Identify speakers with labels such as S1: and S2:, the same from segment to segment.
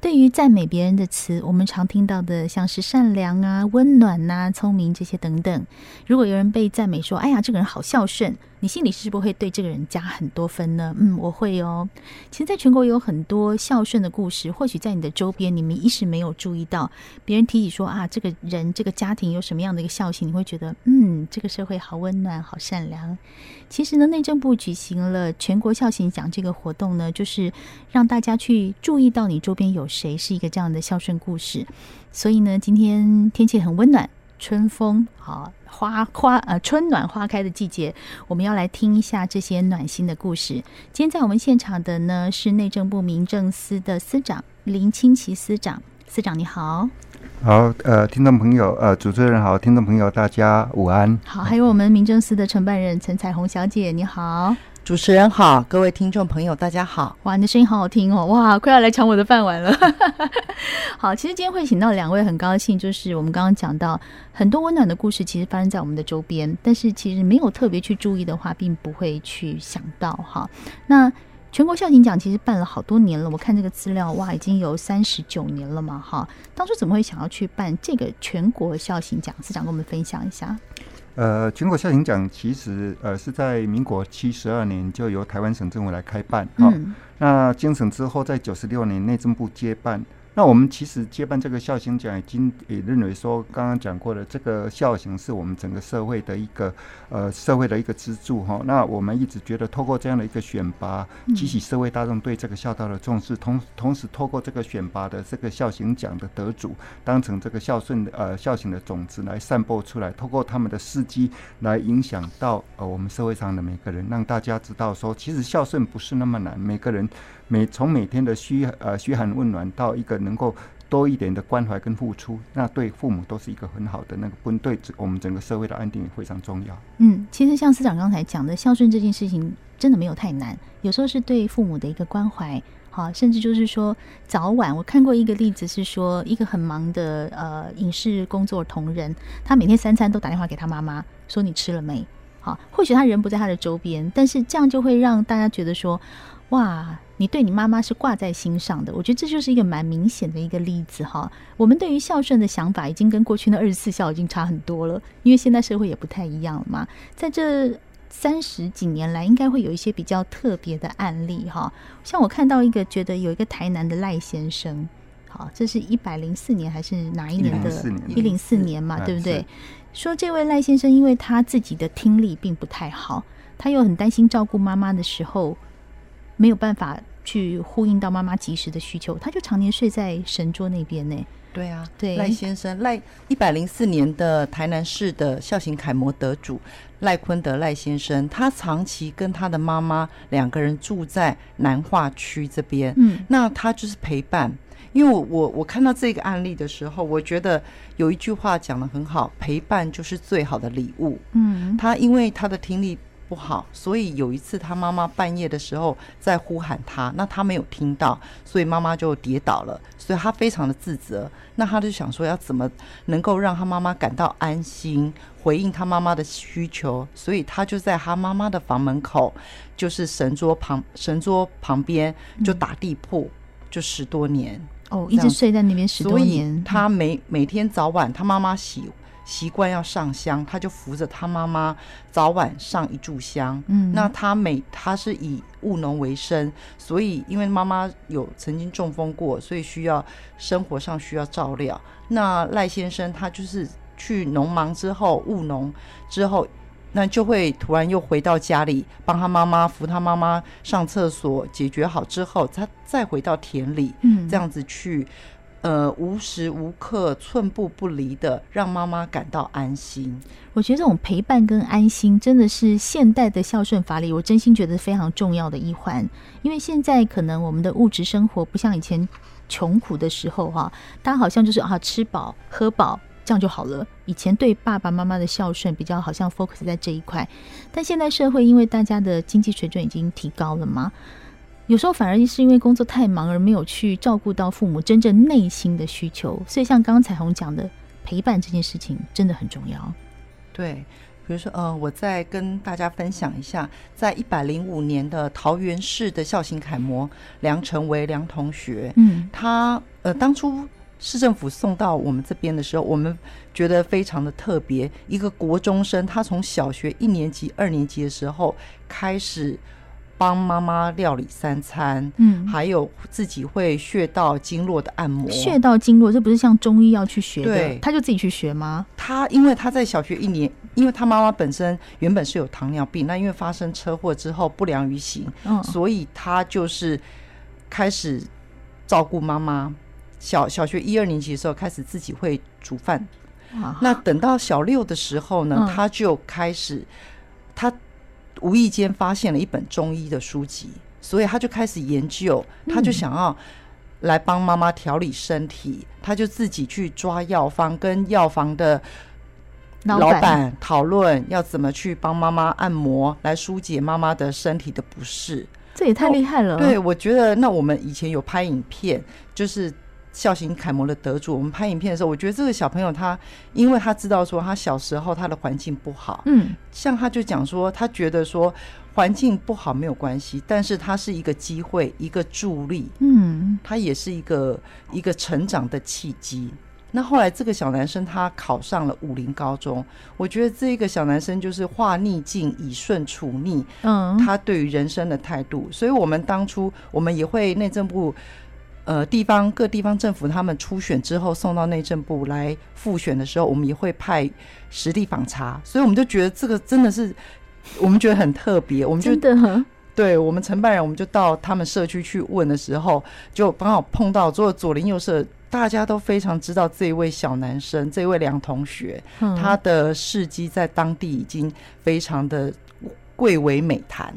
S1: 對於讚美別人的詞，我們常聽到的像是善良啊、溫暖啊、聰明這些等等。如果有人被讚美說：“哎呀，這個人好孝順。”你心裡是不是會對這個人加很多分呢？嗯，我會哦。其實，在全國有很多孝順的故事，或許在你的周邊，你們一時沒有注意到。別人提起說啊，這個人這個家庭有什麼樣的一個孝心，你會覺得嗯，這個社會好溫暖，好善良。其實呢，內政部舉行了全國孝行獎這個活動呢，就是讓大家去注意到你周邊有誰是一個這樣的孝順故事。所以呢，今天天氣很溫暖，春風好。花花呃，春暖花開的季節，我們要來聽一下這些暖心的故事。今天在我們現場的呢，是內政部民政司的司長林清淇司長，司長你好。
S2: 好，呃，聽眾朋友，呃，主持人好，聽眾朋友大家午安。
S1: 好，還有我們民政司的承辦人陳彩虹小姐，你好。主持人好，各位聽眾朋友大家好！哇，你的聲音好好聽哦！哇，快要來搶我的飯碗了。 好，其實今天會請到兩位，很高興。就是我們剛剛講到很多溫暖的故事，其實發生在我們的周邊，但是其實沒有特別去注意的話，並不會去想到哈。那全國孝行獎其實辦了好多年了，我看這個資料哇，已經有三十九年了嘛哈。當初怎麼會想要去辦這個全國孝行獎？司長跟我們分享一下。
S2: 呃，全國孝行獎其實呃是在民國七十二年就由台灣省政府來開辦哈、嗯哦，那精省之後，在九十六年內政部接辦。那我們其實接辦這個孝行獎，已經也認為說，剛剛講過了，這個孝行是我們整個社會的一個呃社會的一個支柱哈、哦。那我們一直覺得，透過這樣的一個選拔，激起社會大眾對這個孝道的重視，嗯、同同時透過這個選拔的這個孝行獎的得主，當成這個孝順的呃孝行的種子來散播出來，透過他們的事蹟來影響到呃我們社會上的每個人，讓大家知道說，其實孝順不是那麼難，每個人每從每天的噓呃噓寒問暖到一個能能夠多一點的關懷跟付出，那對父母都是一個很好的那個，不對，我們整個社會的安定也非常重要。
S1: 嗯，其實像司長剛才講的孝順這件事情，真的沒有太難。有時候是對父母的一個關懷，好、啊，甚至就是說早晚。我看過一個例子是說，一個很忙的呃影視工作同仁，他每天三餐都打電話給他媽媽，說你吃了沒？好、啊，或許他人不在他的周邊，但是這樣就會讓大家覺得說。哇，你對你媽媽是掛在心上的，我覺得這就是一個蠻明顯的一個例子哈。我們對於孝順的想法已經跟過去那二十四孝已經差很多了，因為現在社會也不太一樣嘛。在這三十幾年來，應該會有一些比較特別的案例哈。像我看到一個，覺得有一個台南的賴先生，好，這是一百零四年還是哪一年的？一零四年。一零四年嘛，啊、對不對？是說這位賴先生，因為他自己的聽力並不太好，他又很擔心照顧媽媽的時候。沒有辦法去呼應到媽媽及時的需求，他就常年睡在神桌那邊呢。對啊，對，賴先生，賴一
S3: 百零四年的台南市的孝行楷模得主賴坤德賴先生，他長期跟他的媽媽兩個人住在南化區這邊。嗯，那他就是陪伴。因為我我看到這個案例的時候，我覺得有一句話講得很好，陪伴就是最好的禮物。嗯，他因為他的聽力。不好，所以有一次他媽媽半夜的時候在呼喊他，那他沒有聽到，所以媽媽就跌倒了，所以他非常的自責。那他就想說要怎麼能夠讓他媽媽感到安心，回應他媽媽的需求，所以他就在他媽媽的房門口，就是神桌旁神桌旁邊就打地鋪，嗯、就十多年
S1: 哦，一直睡在那邊十多年。所以他
S3: 每、嗯、每天早晚他媽媽洗。習慣要上香，他就扶着他媽媽早晚上一炷香。嗯，那他每他是以務農為生，所以因為媽媽有曾經中風過，所以需要生活上需要照料。那賴先生他就是去農忙之後務農之後，那就會突然又回到家裡，幫他媽媽扶他媽媽上廁所解決好之後，他再回到田裡，嗯、這樣子去。呃，無時無刻、寸步不離地讓媽媽感到安心。
S1: 我覺得這種陪伴跟安心，真的是現代的孝順法力，我真心覺得非常重要的一環，因為現在可能我們的物質生活不像以前窮苦的時候哈、啊，大家好像就是啊吃飽喝飽這樣就好了。以前對爸爸媽媽的孝順比較好像 focus 在這一塊，但現在社會因為大家的經濟水準已經提高了嘛。有時候反而是因為工作太忙而沒有去照顧到父母真正內心的需求，所以像剛剛彩虹講的陪伴這件事情真的很重要。
S3: 對，比如說，呃，我再跟大家分享一下，在一百零五年的桃園市的孝行楷模梁成為梁同學，嗯，他呃當初市政府送到我們這邊的時候，我們覺得非常的特別，一個國中生，他從小學一年級、二年級的時候開始。幫媽媽料理三餐，嗯，還有自己會穴道經絡的按摩。穴
S1: 道經絡，這不是像中醫要去學？對，他就自己去學嗎？
S3: 他因為他在小學一年，因為他媽媽本身原本是有糖尿病，那因為發生車禍之後不良於行，嗯、所以他就是開始照顧媽媽。小小學一二年級的時候，開始自己會煮飯。啊、哈那等到小六的時候呢，嗯、他就開始他。無意間發現了一本中醫的書籍，所以他就開始研究，他就想要來幫媽媽調理身體，嗯、他就自己去抓藥方，跟藥房的老闆討論要怎麼去幫媽媽按摩，來紓解媽媽的身體的不適。
S1: 這也太厲害了！Oh, 對，
S3: 我覺得那我們以前有拍影片，就是。孝行楷模的得主，我們拍影片的時候，我覺得這個小朋友他，因為他知道說他小時候他的環境不好，嗯，像他就講說他覺得說環境不好沒有關係，但是他是一個機會，一個助力，嗯，他也是一個一個成長的契機。那後來這個小男生他考上了武陵高中，我覺得這個小男生就是化逆境以順處逆，嗯，他對於人生的態度，所以我們當初我們也會內政部。呃，地方各地方政府他們初選之後送到內政部來複選的時候，我們也會派實地訪查，所以我們就覺得這個真的是我們覺得很特別。我們就對我們承辦人，我們就到他們社區去問的時候，就剛好碰到，做左鄰右舍，大家都非常知道這一位小男生，這位梁同學， 他的事蹟在當地已經非常的貴為美談。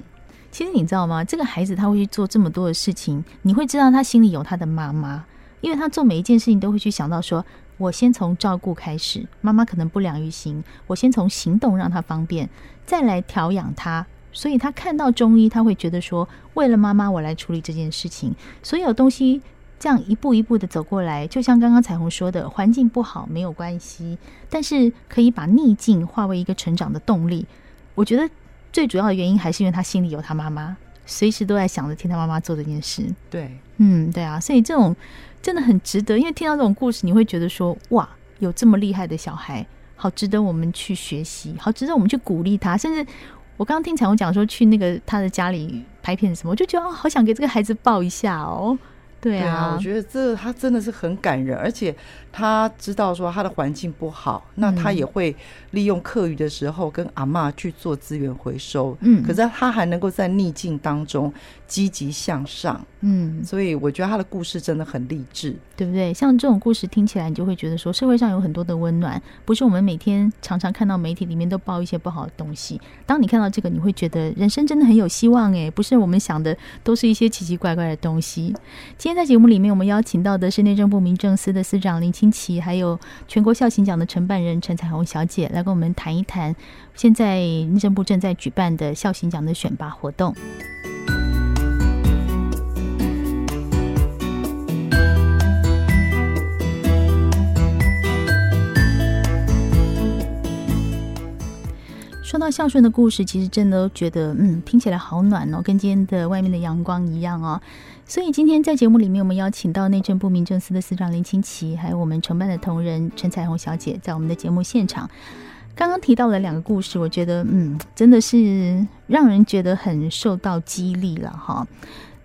S1: 其實你知道嗎？這個孩子他會去做這麼多的事情，你會知道他心裡有他的媽媽，因為他做每一件事情都會去想到說，我先從照顧開始，媽媽可能不良於行，我先從行動讓他方便，再來調養他。所以他看到中醫，他會覺得說，為了媽媽，我來處理這件事情。所有東西這樣一步一步的走過來，就像剛剛彩虹說的，環境不好沒有關係，但是可以把逆境化為一個成長的動力。我覺得。最主要的原因還是因為他心裡有他媽媽，隨時都在想着聽他媽媽做這件事。對，嗯，對啊，所以這種真的很值得，因為聽到這種故事，你會覺得說哇，有這麼厲害的小孩，好值得我們去學習，好值得我們去鼓勵他。甚至我剛剛聽彩虹講說去那個他的家裡拍片什麼，我就覺得，哦，好想給這個孩子抱一下哦。對啊，對啊，我覺
S3: 得這他真的是很感人，而且他知道說他的環境不好，那他也會利用課餘的時候跟阿嬤去做資源回收。嗯，可是他還能夠在逆境當中積極向上。嗯，所以我覺得他的
S1: 故事真的很勵志，對不對？像這種故事聽起來，你就會覺得說社會上有很多的溫暖，不是我們每天常常看到媒體裡面都報一些不好的東西。當你看到這個，你會覺得人生真的很有希望誒，不是我們想的都是一些奇奇怪怪的東西。今天。現在節目裡面，我們邀請到的是內政部民政司的司長林清淇，還有全國孝行獎的承辦人陳彩虹小姐，來跟我們談一談現在內政部正在舉辦的孝行獎的選拔活動。說到孝順的故事，其實真的都覺得，嗯，聽起來好暖哦，跟今天的外面的陽光一樣哦。所以今天在節目裡面，我們邀請到內政部民政司的司長林清淇，還有我們承辦的同仁陳彩虹小姐，在我們的節目現場，剛剛提到了兩個故事，我覺得，嗯，真的是讓人覺得很受到激勵了哈。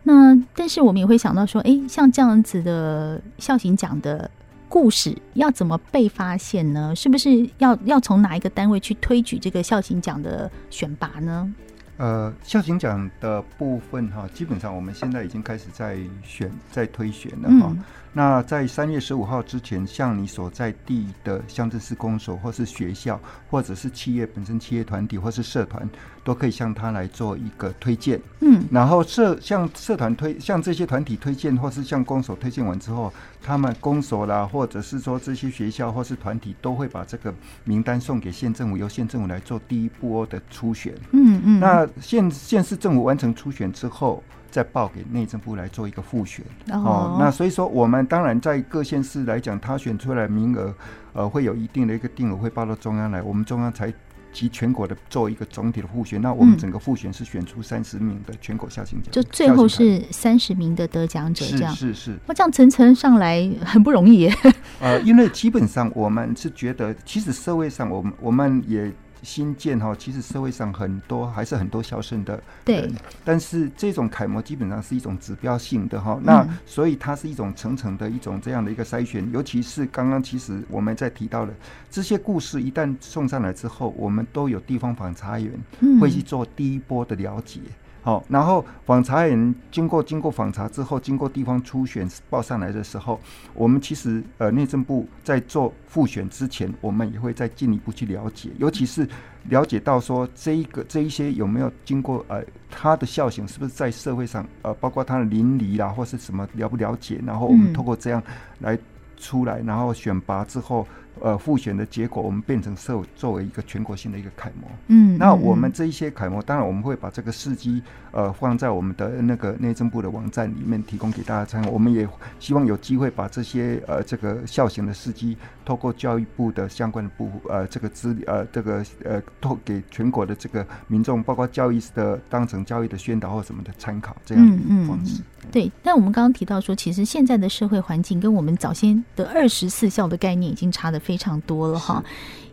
S1: 那但是我們也會想到說，哎，像這樣子的孝行獎的。故事要怎麼被發現呢？是不是要要從哪一個單位去推舉這個孝行獎的選拔呢？
S2: 呃，孝行獎的部分哈，基本上我們現在已經開始在選，在推選了哈。嗯那在三月十五號之前，向你所在地的鄉鎮市公所，或是學校，或者是企業本身、企業團體，或是社團，都可以向他來做一個推薦。嗯，然後社向社團推，向這些團體推薦，或是向公所推薦完之後，他們公所啦，或者是說這些學校或是團體，都會把這個名單送給縣政府，由縣政府來做第一波的初選。嗯嗯，嗯，那縣縣市政府完成初選之後，再報給內政部來做一個複選，哦，哦，那所以說我們當然在各縣市來講，他選出來名額，呃，會有一定的一個定額會報到中央來，我們中央才集全國的做一個總體的複選。那我們整個複選是選出三十名的全國孝行獎，就最後
S1: 是三十名的得獎者這樣，是是，那這樣層層上來很不容易。呃，
S2: 因為基本上我們是覺得，其實社會上我們我們也。新建哈，其實社會上很多還是很多孝順的人，對但是這種楷模基本上是一種指標性的哈，嗯、那所以它是一種層層的一種這樣的一個篩選，尤其是剛剛其實我們在提到了這些故事，一旦送上來之後，我們都有地方訪查員、嗯、會去做第一波的了解。好，然後訪查員經過經過訪查之後，經過地方初選報上來的時候，我們其實呃內政部在做複選之前，我們也會再進一步去了解，尤其是了解到說這一個這一些有沒有經過呃他的孝行是不是在社會上呃包括他的鄰里啦或是什麼了不了解，然後我們透過這樣來出來，嗯、然後選拔之後。呃，複選的結果，我們變成社作為一個全國性的一個楷模。嗯，那我們這一些楷模，當然我們會把這個事蹟，呃，放在我們的那個內政部的網站裡面提供給大家參考。我們也希望有機會把這些呃這個孝行的事蹟，透過教育部的相關的部呃這個資呃這個呃透給全國的這個民眾，包括教育的當成教育的宣導或什麼的參考這樣的一個方
S1: 式，嗯嗯。對，但我們剛剛提到說，其實現在的社會環境跟我們早先的二十四孝的概念已經差的。非常多了哈。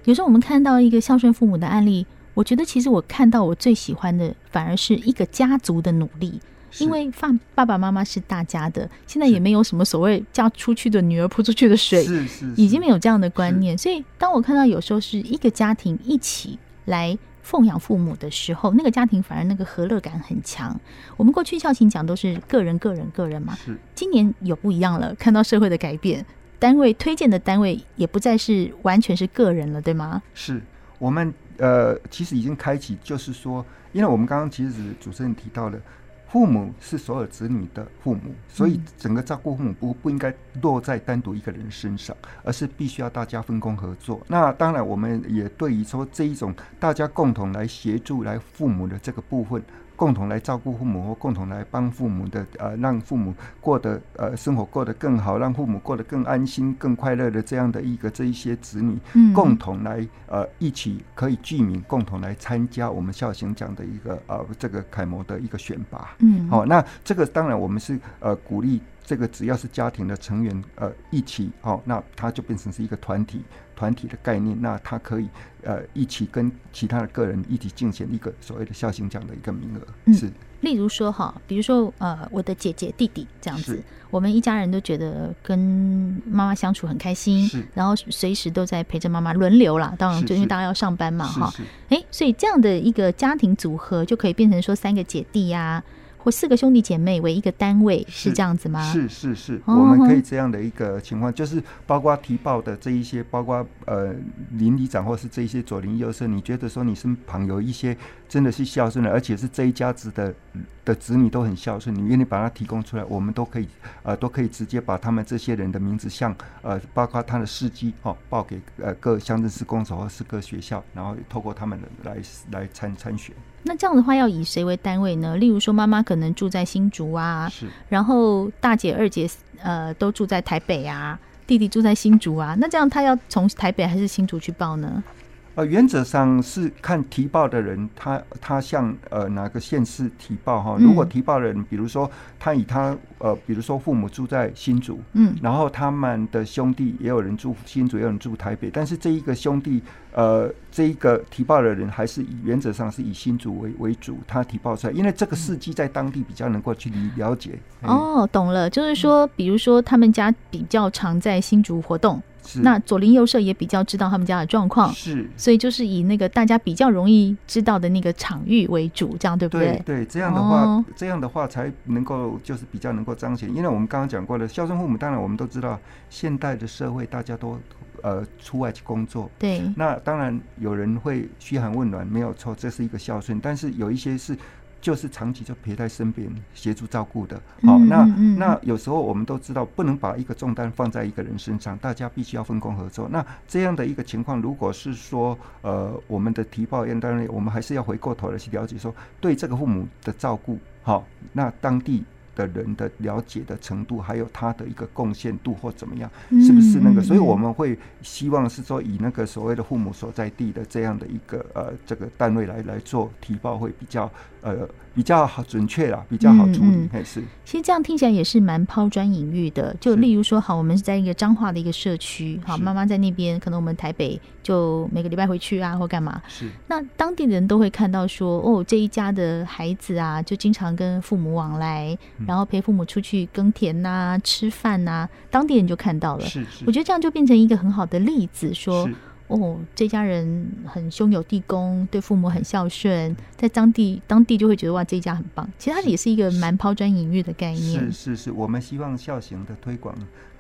S1: 是有時候我們看到一個孝順父母的案例，我覺得其實我看到我最喜歡的，反而是一個家族的努力，是因為爸爸媽媽是大家的，現在也沒有什麼所謂嫁出去的女兒潑出去的水，已經沒有這樣的觀念。所以當我看到有時候是一個家庭一起來奉養父母的時候，那個家庭反而那個和樂感很強。我們過去孝行獎都是個人、個人、個人嘛，是今年有不一樣了，看到社會的改變。單位推薦的單位也不再是完全是個人了，對嗎？
S2: 是我們呃，其實已經開啟，就是說，因為我們剛剛其實主持人提到了，父母是所有子女的父母，所以整個照顧父母不不應該落在單獨一個人身上，而是必須要大家分工合作。那當然，我們也對於說這一種大家共同來協助來父母的這個部分。共同來照顧父母或共同來幫父母的，呃，讓父母過得呃生活過得更好，讓父母過得更安心、更快樂的這樣的一個這一些子女，嗯、共同來呃一起可以具名，共同來參加我們孝行獎的一個呃這個楷模的一個選拔。嗯，好、哦，那這個當然我們是呃鼓勵這個只要是家庭的成員呃一起，好、哦，那它就變成是一個團體。團體的概念，那他可以呃一起跟其他的個人一起競選一個所謂的孝行獎的一
S1: 個名額是、嗯。例如說哈，比如說呃，我的姐姐弟弟這樣子，是我們一家人都覺得跟媽媽相處很開心，是然後隨時都在陪着媽媽輪流啦。當然就因為大家要上班嘛哈。哎、欸，所以這樣的一個家庭組合就可以變成說三個姐弟呀、啊。我四個兄弟姐妹為一,一個單位是這樣子嗎？是
S2: 是是，是，我們可以這樣的一個情況，oh, 就是包括提報的這一些，包括呃鄰里長、或是這一些左鄰右舍，你覺得說你身旁有一些真的是孝順的，而且是這一家子的的子女都很孝順，你願意把它提供出來，我們都可以呃都可以直接把他們這些人的名字像，像呃包括他的事蹟哦報給呃各鄉鎮市公所或是各學校，然後透過他們來來參參選。
S1: 那這樣的話，要以誰為單位呢？例如說，媽媽可能住在新竹啊，是然後大姐、二姐呃都住在台北啊，弟弟住在新竹啊，那這樣他要從台北還是新竹去報呢？
S2: 呃，原則上是看提報的人他，他他向呃哪個縣市提報哈。如果提報的人，嗯、比如說他以他呃，比如說父母住在新竹，嗯，然後他們的兄弟也有人住新竹，也有人住台北，但是這一個兄弟呃，這一個提報的人還是以原則上是以新竹為為主，他提報出來，因為這個事蹟在當地比較能夠去了解。嗯嗯、哦，
S1: 懂了，就是說，比如說他們家比較常在新竹活動。那左鄰右舍也比較知道他們家的狀況，是，所以就是以那個大家比較容易知道的那個場域為主，這樣對不對？對，對，這樣的
S2: 話，哦、這樣的話才能夠就是比較能夠彰顯，因為我們剛剛講過了，孝順父母，當然我們都知道，現代的社會大家都呃出外去工作，對，那當然有人會噓寒問暖，沒有錯，這是一個孝順，但是有一些是。就是長期就陪在身邊協助照顧的，好、嗯哦、那那有時候我們都知道不能把一個重擔放在一個人身上，大家必須要分工合作。那這樣的一個情況，如果是說呃我們的提報單位，我們還是要回過頭來去了解說，說對這個父母的照顧，好、哦、那當地的人的了解的程度，還有他的一個貢獻度或怎麼樣，是不是那個？嗯、所以我們會希望是說以那個所謂的父母所在地的這樣的一個呃這個單位來來做提報，會比較。呃，比較好準確啊，比較好處理還、嗯嗯、是。
S1: 其實這樣聽起來也是蠻拋磚引玉的。就例如說，好，我們是在一個彰化的一個社區，好，媽媽是在那邊，可能我們台北就每個禮拜回去啊，或幹嘛。是。那當地的人都會看到說，哦，這一家的孩子啊，就經常跟父母往來，然後陪父母出去耕田吶、啊、吃飯吶、啊，當地人就看到了。是，是。我覺得這樣就變成一個很好的例子，說。哦，這家人很兄友弟恭，對父母很孝順，在當地當地就會覺得，哇，這一家很棒。其實它也是一個蠻拋磚引玉的概念。是是
S2: 是，是，我們希望孝行的推廣，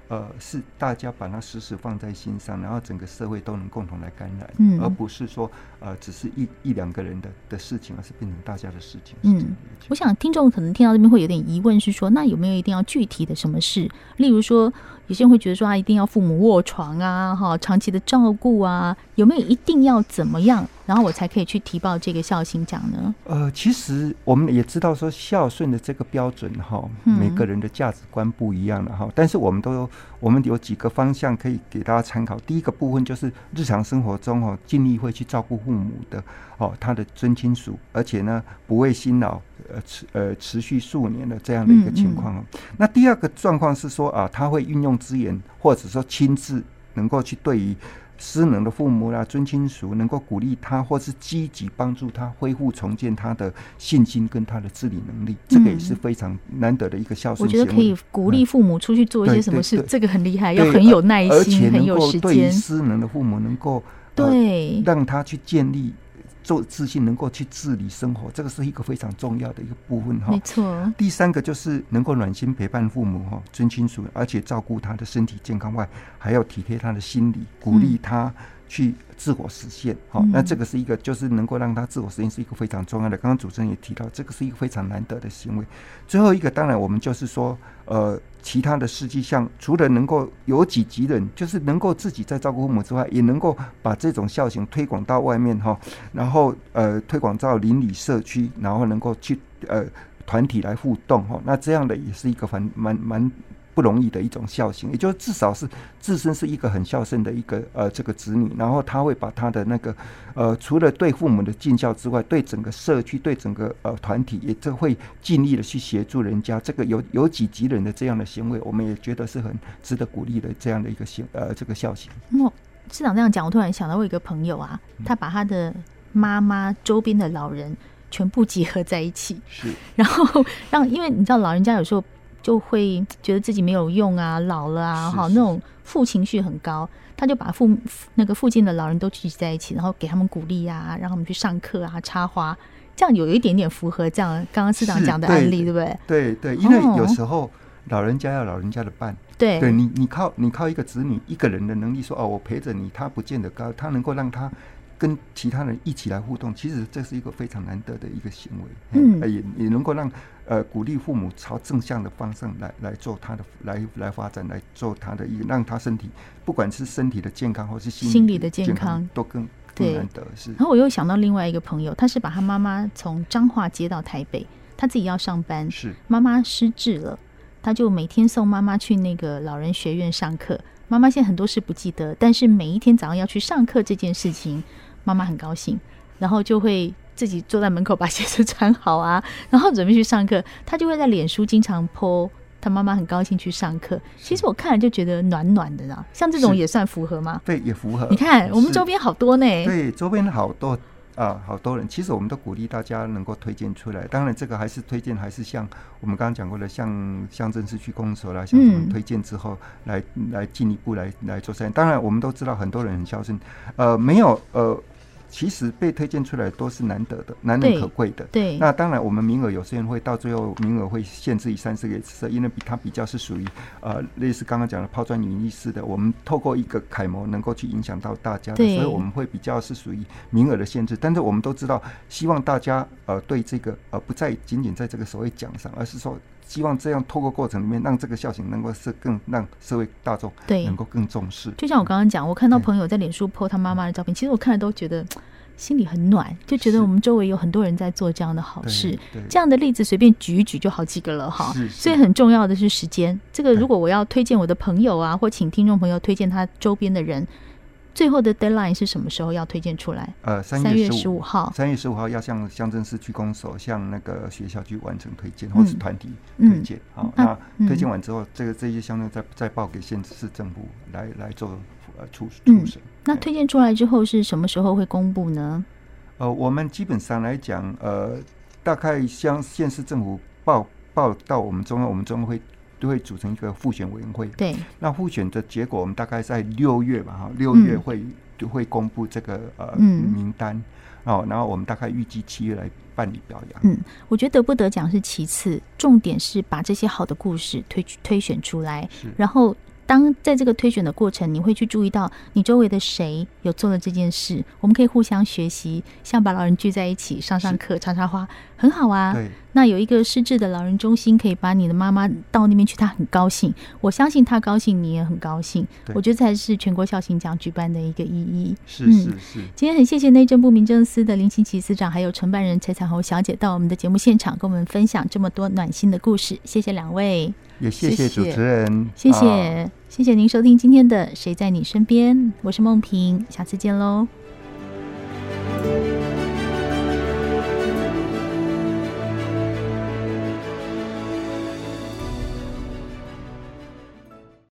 S2: 呃，是大家把它時時放在心上，然後整個社會都能共同來感染，嗯、而不是說。呃，只是一一兩個人的的事情，而是變成大家的事
S1: 情。嗯，我想聽眾可能聽到這邊會有點疑問，是說那有沒有一定要具體的什麼事？例如說，有些人會覺得說啊，一定要父母臥床啊，哈、哦，長期的照顧啊，有沒有一定要怎麼樣，然後我才可以去提報這個孝行獎呢？
S2: 呃，其實我們也知道說孝順的這個標準哈，每個人的價值觀不一樣的哈。但是我們都我們有幾個方向可以給大家參考。第一個部分就是日常生活中哈，哦、盡力會去照顧父。父母的哦，他的尊親屬，而且呢，不畏辛勞，呃持呃持續數年的這樣的一個情況。嗯嗯、那第二個狀況是說啊，他會運用資源，或者說親自能夠去對於失能的父母啦、啊、尊親屬，能夠鼓勵他，或是積極幫助他恢復重建他的信心跟他的自理能力。嗯、這個也是非常難得的一個孝順行為。我覺得可以
S1: 鼓勵父母出去做一些什麼事，嗯、這個很厲害，要對很有耐心，很有時間。對於失
S2: 能的父母，嗯、能夠。對、呃，讓他去建立做自信，能夠去自理生活，這個是一個非常重要的一個部分哈。沒錯，第三個就是能夠暖心陪伴父母哈、尊親屬，而且照顧他的身體健康外，還要體貼他的心理，鼓勵他。嗯去自我實現，好、嗯，那這個是一個，就是能夠讓他自我實現是一個非常重要的。剛剛主持人也提到，這個是一個非常難得的行為。最後一個，當然我們就是說，呃，其他的事蹟，像除了能夠由己及人，就是能夠自己在照顧父母之外，也能夠把這種孝行推廣到外面哈，然後呃，推廣到鄰里社區，然後能夠去呃團體來互動哈、哦，那這樣的也是一個很蠻蠻。蠻蠻不容易的一種孝行，也就是至少是自身是一個很孝順的一個呃這個子女，然後他會把他的那個呃除了對父母的盡孝之外，對整個社區、對整個呃團體也就會盡力的去協助人家，這個由由己及人的這樣的行為，我們也覺得是很值得鼓勵的這樣的一個行呃這個孝行。
S1: 哦、嗯，司長這樣講，我突然想到我一個朋友啊，他把他的媽媽周邊的老人全部集合在一起，是，然後讓因為你知道老人家有時候。就會覺得自己沒有用啊，老了啊，哈，那種負情緒很高。他就把父那個附近的老人都聚集在一起，然後給他們鼓勵啊，讓他們去上課啊，插花，這樣有一點點符合這樣剛剛司長講的案例，對不對？
S2: 對對,對,對，因為有時候老人家要老人家的伴、哦，對，對你你靠你靠一個子女一個人的能力說哦，我陪着你，他不見得高，他能夠讓他跟其他人一起來互動，其實這是一個非常難得的一個行為，嗯，也也能夠讓。呃，鼓勵父母朝正向的方向來來做他的來來發展，來做他的一個讓他身體，不管是身體的健康或是心理的健康，健康都更更難得對是。然後我又
S1: 想到另外一個朋友，他是把他媽媽從彰化接到台北，他自己要上班，是媽媽失智了，他就每天送媽媽去那個老人學院上課。媽媽現在很多事不記得，但是每一天早上要去上課這件事情，媽媽很高興，然後就會。自己坐在門口把鞋子穿好啊，然後準備去上課，他就會在臉書經常 po 他媽媽很高興去上課。其實我看了就覺得暖暖的啦，像這種也算符合嗎？
S2: 對，也符合。你看是我們周邊
S1: 好多呢。對，
S2: 周邊好多啊、呃，好多人。其實我們都鼓勵大家能夠推薦出來。當然，這個還是推薦，還是像我們剛剛講過的，像鄉鎮市區公所啦，向他們推薦之後，嗯、來來進一步來來做善。當然，我們都知道很多人很孝順，呃，沒有呃。其實被推薦出來都是難得的、難能可貴的。對，對。那當然我們名額有時候會到最後名額會限制於三四個次色，因為比它比較是屬於呃類似剛剛講的拋磚引玉式的。我們透過一個楷模能夠去影響到大家，對所以我們會比較是屬於名額的限制。但是我們都知道，希望大家呃對這個呃不再僅僅在這個所謂獎上，而是說。希望這樣，透過過程裡面，讓這個孝行能夠是更讓社會大眾對能夠更重視。就像我
S1: 剛剛講，我看到朋友在臉書 po 他媽媽的照片，對其實我看了都覺得心裡很暖，就覺得我們周圍有很多人在做這樣的好事，這樣的例子隨便舉一舉就好幾個了哈。對所以很重要的是時間。這個如果我要推薦我的朋友啊，或請聽眾朋友推薦他周邊的人。最後的 deadline 是什麼時候要推薦出來？
S2: 呃，三月十五號，三月十五號要向鄉鎮市區公所，向那個學校去完成推薦，嗯、或是團體推薦。好，那推薦完之後，這個這些鄉鎮再再報給縣市政府來來做呃初初審。
S1: 那推薦出來之後是什麼時候會公布呢？
S2: 呃，我們基本上來講，呃，大概向縣市政府報報到我們中央，我們中央會。會組成一個複選委員會。對，那複選的結果，我們大概在六月吧，哈，六月會、嗯、會公布這個呃名單。哦、嗯，然後我們大概預計七月來辦理表揚。
S1: 嗯，我覺得得不得獎是其次，重點是把這些好的故事推推選出來。是然後，當在這個推選的過程，你會去注意到你周圍的誰有做了這件事，我們可以互相學習，像把老人聚在一起上上課、插插是花，很好啊。對。那有一個失智的老人中心，可以把你的媽媽到那邊去，她很高興。我相信她高興，你也很高興。對我覺得才是全國孝行獎舉辦的一個意義。是是是、嗯。今天很謝謝內政部民政司的林清淇司長，還有承辦人陳彩虹小姐到我們的節目現場，跟我們分享這麼多暖心的故事。謝謝兩位，
S2: 也謝謝主持人。謝謝、啊、
S1: 謝謝您收聽今天的《誰在你身邊》，我是孟平，下次見嘍。